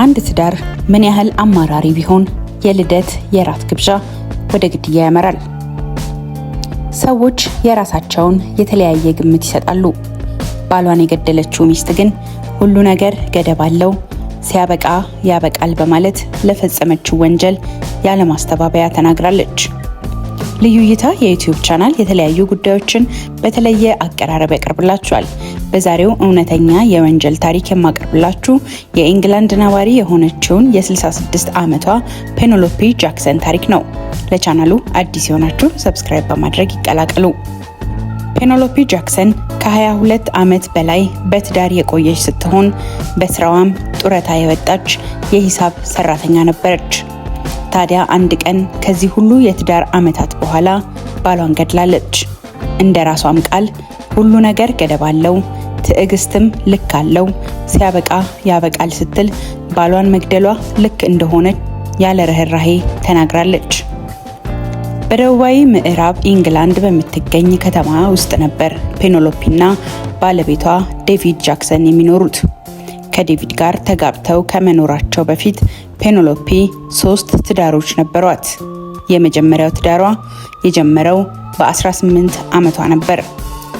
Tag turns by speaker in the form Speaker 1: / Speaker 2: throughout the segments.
Speaker 1: አንድ ትዳር ምን ያህል አማራሪ ቢሆን የልደት የራት ግብዣ ወደ ግድያ ያመራል። ሰዎች የራሳቸውን የተለያየ ግምት ይሰጣሉ። ባሏን የገደለችው ሚስት ግን ሁሉ ነገር ገደብ አለው፣ ሲያበቃ ያበቃል በማለት ለፈጸመችው ወንጀል ያለማስተባበያ ተናግራለች። ልዩ እይታ የዩቲዩብ ቻናል የተለያዩ ጉዳዮችን በተለየ አቀራረብ ያቀርብላችኋል። በዛሬው እውነተኛ የወንጀል ታሪክ የማቀርብላችሁ የኢንግላንድ ነዋሪ የሆነችውን የ66 ዓመቷ ፔኔሎፒ ጃክሰን ታሪክ ነው። ለቻናሉ አዲስ የሆናችሁ ሰብስክራይብ በማድረግ ይቀላቀሉ። ፔኔሎፒ ጃክሰን ከ22 ዓመት በላይ በትዳር የቆየች ስትሆን በስራዋም ጡረታ የወጣች የሂሳብ ሰራተኛ ነበረች። ታዲያ አንድ ቀን ከዚህ ሁሉ የትዳር ዓመታት በኋላ ባሏን ገድላለች። እንደ ራሷም ቃል ሁሉ ነገር ገደብ አለው፣ ትዕግስትም ልክ አለው። ሲያበቃ ያበቃል ስትል ባሏን መግደሏ ልክ እንደሆነች ያለ ርኅራሄ ተናግራለች። በደቡባዊ ምዕራብ ኢንግላንድ በምትገኝ ከተማ ውስጥ ነበር ፔኔሎፒና ባለቤቷ ዴቪድ ጃክሰን የሚኖሩት። ከዴቪድ ጋር ተጋብተው ከመኖራቸው በፊት ፔኔሎፒ ሶስት ትዳሮች ነበሯት። የመጀመሪያው ትዳሯ የጀመረው በ18 ዓመቷ ነበር።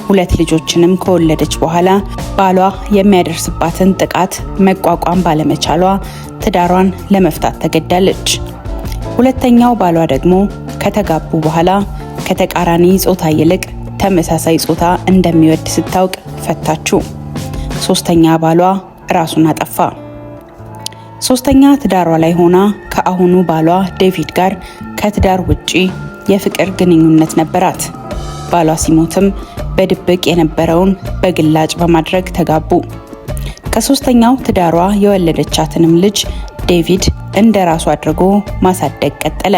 Speaker 1: ሁለት ልጆችንም ከወለደች በኋላ ባሏ የሚያደርስባትን ጥቃት መቋቋም ባለመቻሏ ትዳሯን ለመፍታት ተገዳለች። ሁለተኛው ባሏ ደግሞ ከተጋቡ በኋላ ከተቃራኒ ጾታ ይልቅ ተመሳሳይ ጾታ እንደሚወድ ስታውቅ ፈታችው። ሶስተኛ ባሏ ራሱን አጠፋ። ሶስተኛ ትዳሯ ላይ ሆና ከአሁኑ ባሏ ዴቪድ ጋር ከትዳር ውጪ የፍቅር ግንኙነት ነበራት። ባሏ ሲሞትም በድብቅ የነበረውን በግላጭ በማድረግ ተጋቡ። ከሶስተኛው ትዳሯ የወለደቻትንም ልጅ ዴቪድ እንደ ራሱ አድርጎ ማሳደግ ቀጠለ።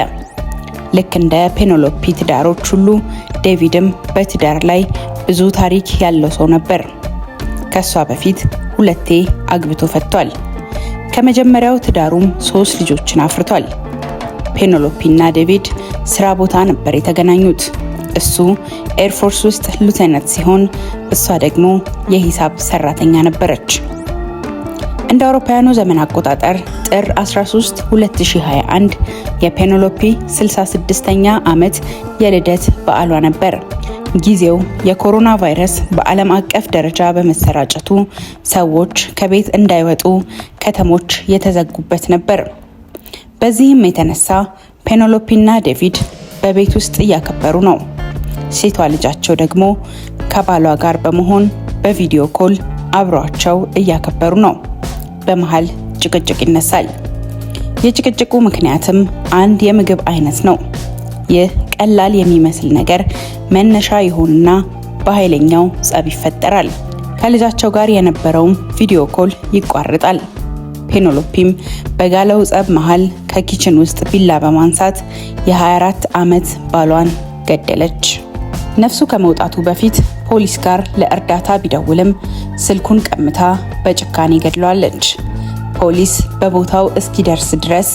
Speaker 1: ልክ እንደ ፔኔሎፒ ትዳሮች ሁሉ ዴቪድም በትዳር ላይ ብዙ ታሪክ ያለው ሰው ነበር። ከሷ በፊት ሁለቴ አግብቶ ፈቷል። ከመጀመሪያው ትዳሩም ሶስት ልጆችን አፍርቷል። ፔኔሎፒና ዴቪድ ስራ ቦታ ነበር የተገናኙት። እሱ ኤርፎርስ ውስጥ ሉተነት ሲሆን እሷ ደግሞ የሂሳብ ሰራተኛ ነበረች። እንደ አውሮፓውያኑ ዘመን አቆጣጠር ጥር 13 2021 የፔኔሎፒ 66ኛ ዓመት የልደት በዓሏ ነበር። ጊዜው የኮሮና ቫይረስ በዓለም አቀፍ ደረጃ በመሰራጨቱ ሰዎች ከቤት እንዳይወጡ ከተሞች የተዘጉበት ነበር። በዚህም የተነሳ ፔኔሎፒና ዴቪድ በቤት ውስጥ እያከበሩ ነው። ሴቷ ልጃቸው ደግሞ ከባሏ ጋር በመሆን በቪዲዮ ኮል አብሯቸው እያከበሩ ነው። በመሀል ጭቅጭቅ ይነሳል። የጭቅጭቁ ምክንያትም አንድ የምግብ አይነት ነው። ይህ ቀላል የሚመስል ነገር መነሻ ይሆንና በኃይለኛው ጸብ ይፈጠራል። ከልጃቸው ጋር የነበረውም ቪዲዮ ኮል ይቋርጣል። ፔኔሎፒም በጋለው ጸብ መሃል ከኪችን ውስጥ ቢላ በማንሳት የ24 ዓመት ባሏን ገደለች። ነፍሱ ከመውጣቱ በፊት ፖሊስ ጋር ለእርዳታ ቢደውልም ስልኩን ቀምታ በጭካኔ ገድሏለች። ፖሊስ በቦታው እስኪደርስ ድረስ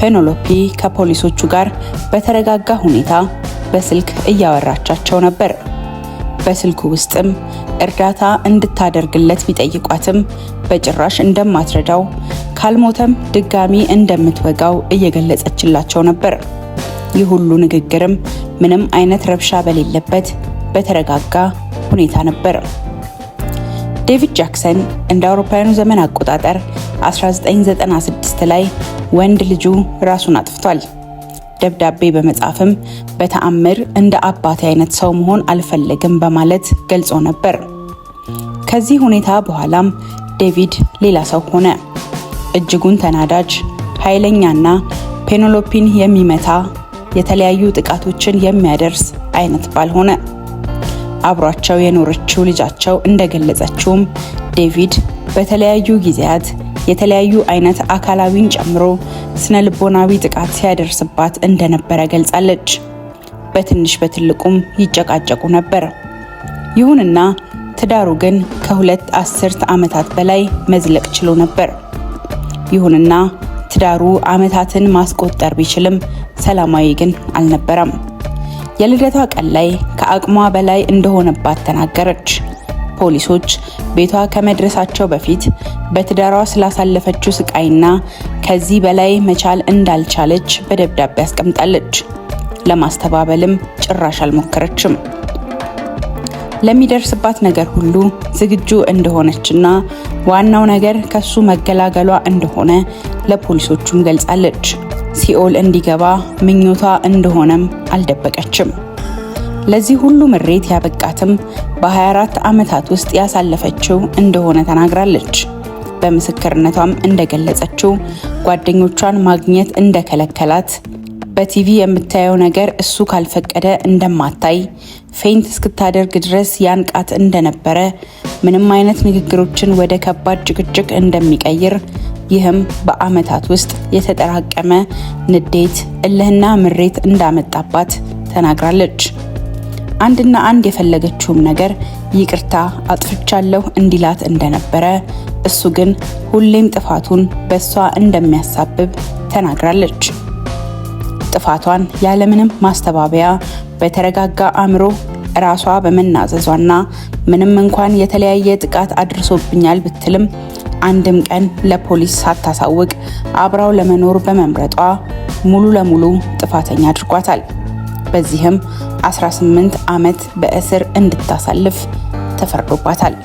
Speaker 1: ፔኔሎፒ ከፖሊሶቹ ጋር በተረጋጋ ሁኔታ በስልክ እያወራቻቸው ነበር። በስልኩ ውስጥም እርዳታ እንድታደርግለት ቢጠይቋትም በጭራሽ እንደማትረዳው ካልሞተም ድጋሚ እንደምትወጋው እየገለጸችላቸው ነበር። ይህ ሁሉ ንግግርም ምንም አይነት ረብሻ በሌለበት በተረጋጋ ሁኔታ ነበር። ዴቪድ ጃክሰን እንደ አውሮፓውያኑ ዘመን አቆጣጠር 1996 ላይ ወንድ ልጁ ራሱን አጥፍቷል። ደብዳቤ በመጻፍም በተአምር እንደ አባቴ አይነት ሰው መሆን አልፈለግም በማለት ገልጾ ነበር። ከዚህ ሁኔታ በኋላም ዴቪድ ሌላ ሰው ሆነ። እጅጉን ተናዳጅ፣ ኃይለኛና ፔኔሎፒን የሚመታ የተለያዩ ጥቃቶችን የሚያደርስ አይነት ባልሆነ። አብሯቸው የኖረችው ልጃቸው እንደገለጸችውም ዴቪድ በተለያዩ ጊዜያት የተለያዩ አይነት አካላዊን ጨምሮ ስነ ልቦናዊ ጥቃት ሲያደርስባት እንደነበረ ገልጻለች። በትንሽ በትልቁም ይጨቃጨቁ ነበር። ይሁንና ትዳሩ ግን ከሁለት አስርት ዓመታት በላይ መዝለቅ ችሎ ነበር። ይሁንና ትዳሩ ዓመታትን ማስቆጠር ቢችልም ሰላማዊ ግን አልነበረም። የልደቷ ቀን ላይ ከአቅሟ በላይ እንደሆነባት ተናገረች። ፖሊሶች ቤቷ ከመድረሳቸው በፊት በትዳሯ ስላሳለፈችው ስቃይና ከዚህ በላይ መቻል እንዳልቻለች በደብዳቤ አስቀምጣለች። ለማስተባበልም ጭራሽ አልሞከረችም። ለሚደርስባት ነገር ሁሉ ዝግጁ እንደሆነችና ዋናው ነገር ከሱ መገላገሏ እንደሆነ ለፖሊሶቹም ገልጻለች። ሲኦል እንዲገባ ምኞቷ እንደሆነም አልደበቀችም። ለዚህ ሁሉ ምሬት ያበቃትም በ24 ዓመታት ውስጥ ያሳለፈችው እንደሆነ ተናግራለች። በምስክርነቷም እንደገለጸችው ጓደኞቿን ማግኘት እንደከለከላት፣ በቲቪ የምታየው ነገር እሱ ካልፈቀደ እንደማታይ፣ ፌንት እስክታደርግ ድረስ ያንቃት እንደነበረ፣ ምንም አይነት ንግግሮችን ወደ ከባድ ጭቅጭቅ እንደሚቀይር ይህም በአመታት ውስጥ የተጠራቀመ ንዴት፣ እልህና ምሬት እንዳመጣባት ተናግራለች። አንድና አንድ የፈለገችውም ነገር ይቅርታ አጥፍቻለሁ እንዲላት እንደነበረ፣ እሱ ግን ሁሌም ጥፋቱን በእሷ እንደሚያሳብብ ተናግራለች። ጥፋቷን ያለምንም ማስተባበያ በተረጋጋ አእምሮ ራሷ በመናዘዟና ምንም እንኳን የተለያየ ጥቃት አድርሶብኛል ብትልም አንድም ቀን ለፖሊስ ሳታሳውቅ አብራው ለመኖር በመምረጧ ሙሉ ለሙሉ ጥፋተኛ አድርጓታል። በዚህም 18 ዓመት በእስር እንድታሳልፍ ተፈርዶባታል።